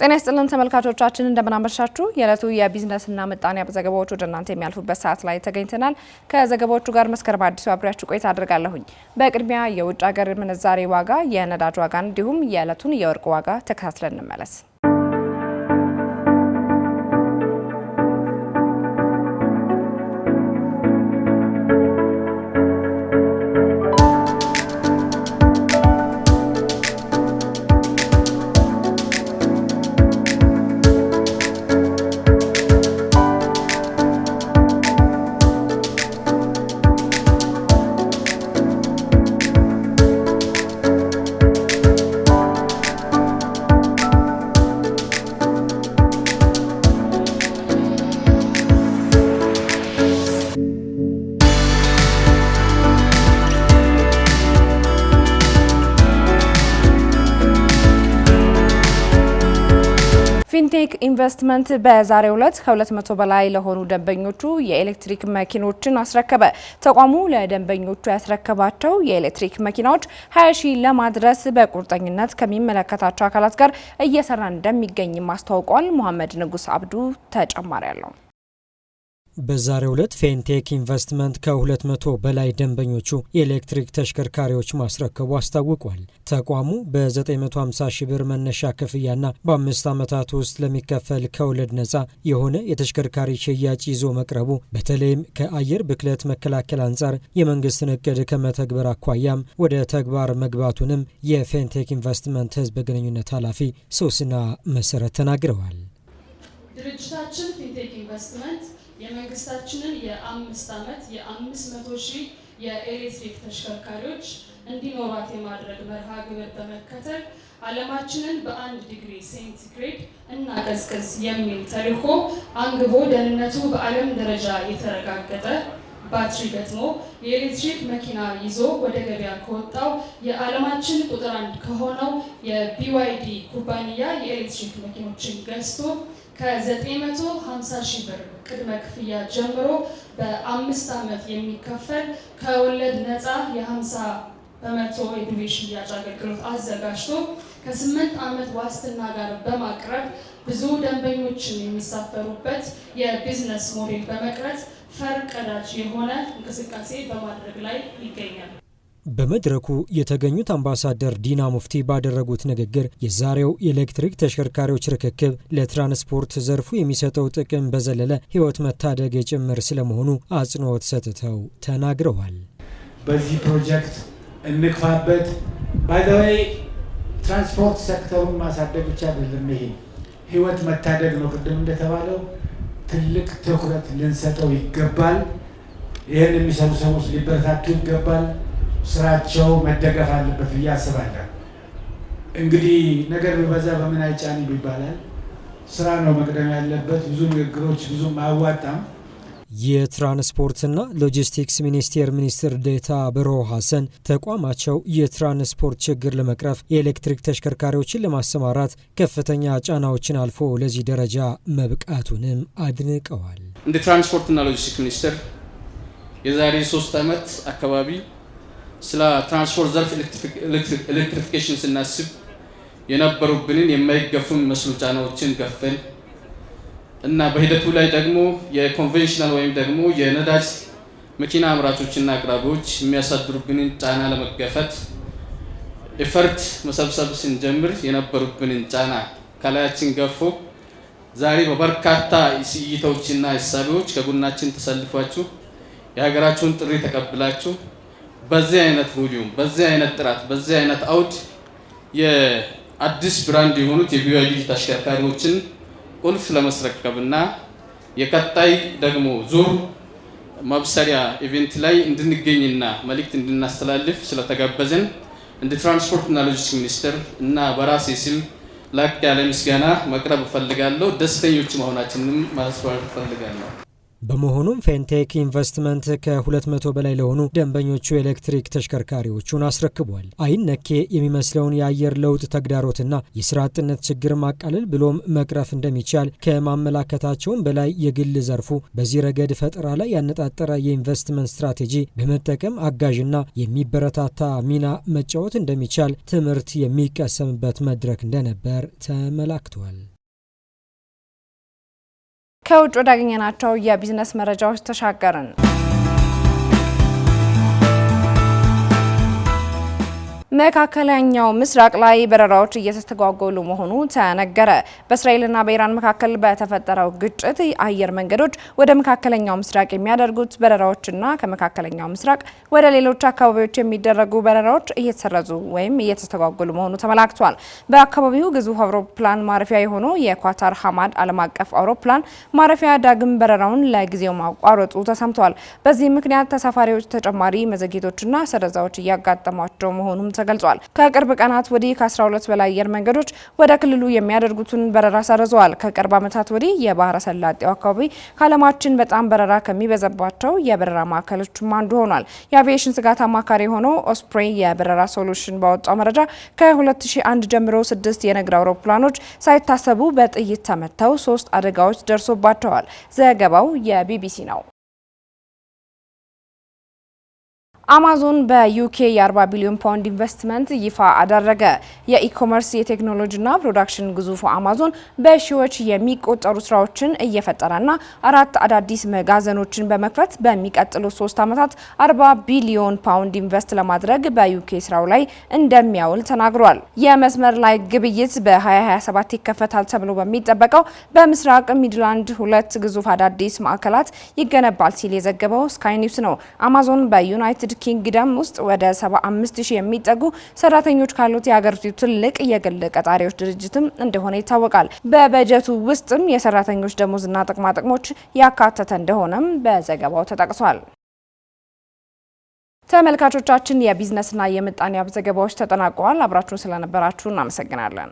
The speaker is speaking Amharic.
ጤና ይስጥልን ተመልካቾቻችን፣ እንደምናመሻችሁ። የዕለቱ የቢዝነስና ምጣኔ ሀብት ዘገባዎች ወደ እናንተ የሚያልፉበት ሰዓት ላይ ተገኝተናል። ከዘገባዎቹ ጋር መስከረም አዲሱ አብሬያችሁ ቆይታ አድርጋለሁኝ። በቅድሚያ የውጭ ሀገር ምንዛሬ ዋጋ፣ የነዳጅ ዋጋ እንዲሁም የዕለቱን የወርቅ ዋጋ ተከታትለን እንመለስ። ፊንቴክ ኢንቨስትመንት በዛሬው ዕለት ከ200 በላይ ለሆኑ ደንበኞቹ የኤሌክትሪክ መኪኖችን አስረከበ። ተቋሙ ለደንበኞቹ ያስረከባቸው የኤሌክትሪክ መኪናዎች 20 ሺህ ለማድረስ በቁርጠኝነት ከሚመለከታቸው አካላት ጋር እየሰራ እንደሚገኝም አስታውቋል። መሐመድ ንጉስ አብዱ ተጨማሪ አለው። በዛሬው ዕለት ፌንቴክ ኢንቨስትመንት ከ200 በላይ ደንበኞቹ የኤሌክትሪክ ተሽከርካሪዎች ማስረከቡ አስታውቋል። ተቋሙ በ950 ሺ ብር መነሻ ክፍያና በአምስት ዓመታት ውስጥ ለሚከፈል ከወለድ ነፃ የሆነ የተሽከርካሪ ሽያጭ ይዞ መቅረቡ በተለይም ከአየር ብክለት መከላከል አንጻር የመንግስትን እቅድ ከመተግበር አኳያም ወደ ተግባር መግባቱንም የፌንቴክ ኢንቨስትመንት ህዝብ ግንኙነት ኃላፊ ሶስና መሰረት ተናግረዋል። ድርጅታችን ፌንቴክ ኢንቨስትመንት የመንግስታችንን የአምስት ዓመት የአምስት መቶ ሺህ የኤሌክትሪክ ተሽከርካሪዎች እንዲኖራት የማድረግ መርሃ ግብር በመከተል ዓለማችንን በአንድ ዲግሪ ሴንቲግሬድ እናቀዝቅዝ የሚል ተልዕኮ አንግቦ ደህንነቱ በዓለም ደረጃ የተረጋገጠ ባትሪ ገጥሞ የኤሌክትሪክ መኪና ይዞ ወደ ገበያ ከወጣው የዓለማችን ቁጥር አንድ ከሆነው የቢዋይዲ ኩባንያ የኤሌክትሪክ መኪኖችን ገዝቶ ከ950 ሺህ ብር ቅድመ ክፍያ ጀምሮ በአምስት ዓመት የሚከፈል ከወለድ ነፃ የ50 በመቶ የዱቤ ሽያጭ አገልግሎት አዘጋጅቶ ከስምንት ዓመት ዋስትና ጋር በማቅረብ ብዙ ደንበኞችን የሚሳፈሩበት የቢዝነስ ሞዴል በመቅረጽ ፈር ቀዳጅ የሆነ እንቅስቃሴ በማድረግ ላይ ይገኛል። በመድረኩ የተገኙት አምባሳደር ዲና ሙፍቲ ባደረጉት ንግግር የዛሬው የኤሌክትሪክ ተሽከርካሪዎች ርክክብ ለትራንስፖርት ዘርፉ የሚሰጠው ጥቅም በዘለለ ሕይወት መታደግ ጭምር ስለመሆኑ አጽንኦት ሰጥተው ተናግረዋል። በዚህ ፕሮጀክት እንግፋበት። ባይዘወይ ትራንስፖርት ሴክተሩን ማሳደግ ብቻ አይደለም፣ ይሄ ሕይወት መታደግ ነው። ቅድም እንደተባለው ትልቅ ትኩረት ልንሰጠው ይገባል። ይህን የሚሰሩ ሰዎች ሊበረታቱ ይገባል። ስራቸው መደገፍ አለበት ብዬ አስባለሁ። እንግዲህ ነገር በዛ በምን አይጫን ይባላል። ስራ ነው መቅደም ያለበት። ብዙ ንግግሮች ብዙም አያዋጣም። የትራንስፖርትና ሎጂስቲክስ ሚኒስቴር ሚኒስትር ዴታ ብሮ ሀሰን ተቋማቸው የትራንስፖርት ችግር ለመቅረፍ የኤሌክትሪክ ተሽከርካሪዎችን ለማሰማራት ከፍተኛ ጫናዎችን አልፎ ለዚህ ደረጃ መብቃቱንም አድንቀዋል። እንደ ትራንስፖርትና ሎጂስቲክስ ሚኒስቴር የዛሬ ሶስት ዓመት አካባቢ ስለ ትራንስፖርት ዘርፍ ኤሌክትሪፊኬሽን ስናስብ የነበሩብንን የማይገፉን መስሉ ጫናዎችን ገፈን እና በሂደቱ ላይ ደግሞ የኮንቬንሽናል ወይም ደግሞ የነዳጅ መኪና አምራቾችና አቅራቢዎች የሚያሳድሩብንን ጫና ለመገፈት ኢፈርት መሰብሰብ ስንጀምር የነበሩብንን ጫና ከላያችን ገፎ ዛሬ በበርካታ እይታዎችና እሳቤዎች ከጎናችን ተሰልፏችሁ የሀገራችሁን ጥሪ ተቀብላችሁ በዚህ አይነት ቮሊዩም በዚህ አይነት ጥራት በዚህ አይነት አውድ የአዲስ ብራንድ የሆኑት የቢዋይዲ ተሽከርካሪዎችን ቁልፍ ለመስረከብና የቀጣይ ደግሞ ዙር ማብሰሪያ ኢቨንት ላይ እንድንገኝና መልእክት እንድናስተላልፍ ስለተጋበዘን እንደ ትራንስፖርትና ሎጂስቲክስ ሚኒስቴር እና በራሴ ስም ላቅ ያለ ምስጋና መቅረብ እፈልጋለሁ። ደስተኞች መሆናችንም ማስተዋል እፈልጋለሁ። በመሆኑም ፌንቴክ ኢንቨስትመንት ከ200 በላይ ለሆኑ ደንበኞቹ ኤሌክትሪክ ተሽከርካሪዎቹን አስረክቧል። አይን ነኬ የሚመስለውን የአየር ለውጥ ተግዳሮትና የስራ አጥነት ችግር ማቃለል ብሎም መቅረፍ እንደሚቻል ከማመላከታቸውም በላይ የግል ዘርፉ በዚህ ረገድ ፈጠራ ላይ ያነጣጠረ የኢንቨስትመንት ስትራቴጂ በመጠቀም አጋዥና የሚበረታታ ሚና መጫወት እንደሚቻል ትምህርት የሚቀሰምበት መድረክ እንደነበር ተመላክቷል። ከውጭ ወዳገኘናቸው የቢዝነስ መረጃዎች ተሻገርን። መካከለኛው ምስራቅ ላይ በረራዎች እየተስተጓጎሉ መሆኑ ተነገረ። በእስራኤልና በኢራን መካከል በተፈጠረው ግጭት አየር መንገዶች ወደ መካከለኛው ምስራቅ የሚያደርጉት በረራዎችና ከመካከለኛው ምስራቅ ወደ ሌሎች አካባቢዎች የሚደረጉ በረራዎች እየተሰረዙ ወይም እየተስተጓጎሉ መሆኑ ተመላክቷል። በአካባቢው ግዙፍ አውሮፕላን ማረፊያ የሆነው የኳታር ሀማድ ዓለም አቀፍ አውሮፕላን ማረፊያ ዳግም በረራውን ለጊዜው ማቋረጡ ተሰምቷል። በዚህ ምክንያት ተሳፋሪዎች ተጨማሪ መዘግየቶችና ሰረዛዎች እያጋጠሟቸው መሆኑም ተገልጿል። ከቅርብ ቀናት ወዲህ ከ12 በላይ አየር መንገዶች ወደ ክልሉ የሚያደርጉትን በረራ ሰርዘዋል። ከቅርብ ዓመታት ወዲህ የባህረ ሰላጤው አካባቢ ከዓለማችን በጣም በረራ ከሚበዛባቸው የበረራ ማዕከሎችም አንዱ ሆኗል። የአቪዬሽን ስጋት አማካሪ የሆነው ኦስፕሬ የበረራ ሶሉሽን ባወጣው መረጃ ከ2001 ጀምሮ ስድስት የንግድ አውሮፕላኖች ሳይታሰቡ በጥይት ተመተው ሶስት አደጋዎች ደርሶባቸዋል። ዘገባው የቢቢሲ ነው። አማዞን በዩኬ የ40 ቢሊዮን ፓውንድ ኢንቨስትመንት ይፋ አደረገ። የኢኮመርስ የቴክኖሎጂና ፕሮዳክሽን ግዙፉ አማዞን በሺዎች የሚቆጠሩ ስራዎችን እየፈጠረና አራት አዳዲስ መጋዘኖችን በመክፈት በሚቀጥሉ ሶስት ዓመታት 40 ቢሊዮን ፓውንድ ኢንቨስት ለማድረግ በዩኬ ስራው ላይ እንደሚያውል ተናግሯል። የመስመር ላይ ግብይት በ2027 ይከፈታል ተብሎ በሚጠበቀው በምስራቅ ሚድላንድ ሁለት ግዙፍ አዳዲስ ማዕከላት ይገነባል ሲል የዘገበው ስካይ ኒውስ ነው። አማዞን በዩናይትድ ዩናይትድ ኪንግደም ውስጥ ወደ 75 ሺህ የሚጠጉ ሰራተኞች ካሉት የሀገሪቱ ትልቅ የግል ቀጣሪዎች ድርጅትም እንደሆነ ይታወቃል። በበጀቱ ውስጥም የሰራተኞች ደሞዝና ጥቅማጥቅሞች ያካተተ እንደሆነም በዘገባው ተጠቅሷል። ተመልካቾቻችን የቢዝነስና የምጣኔ ሀብት ዘገባዎች ተጠናቀዋል። አብራችሁን ስለነበራችሁ እናመሰግናለን።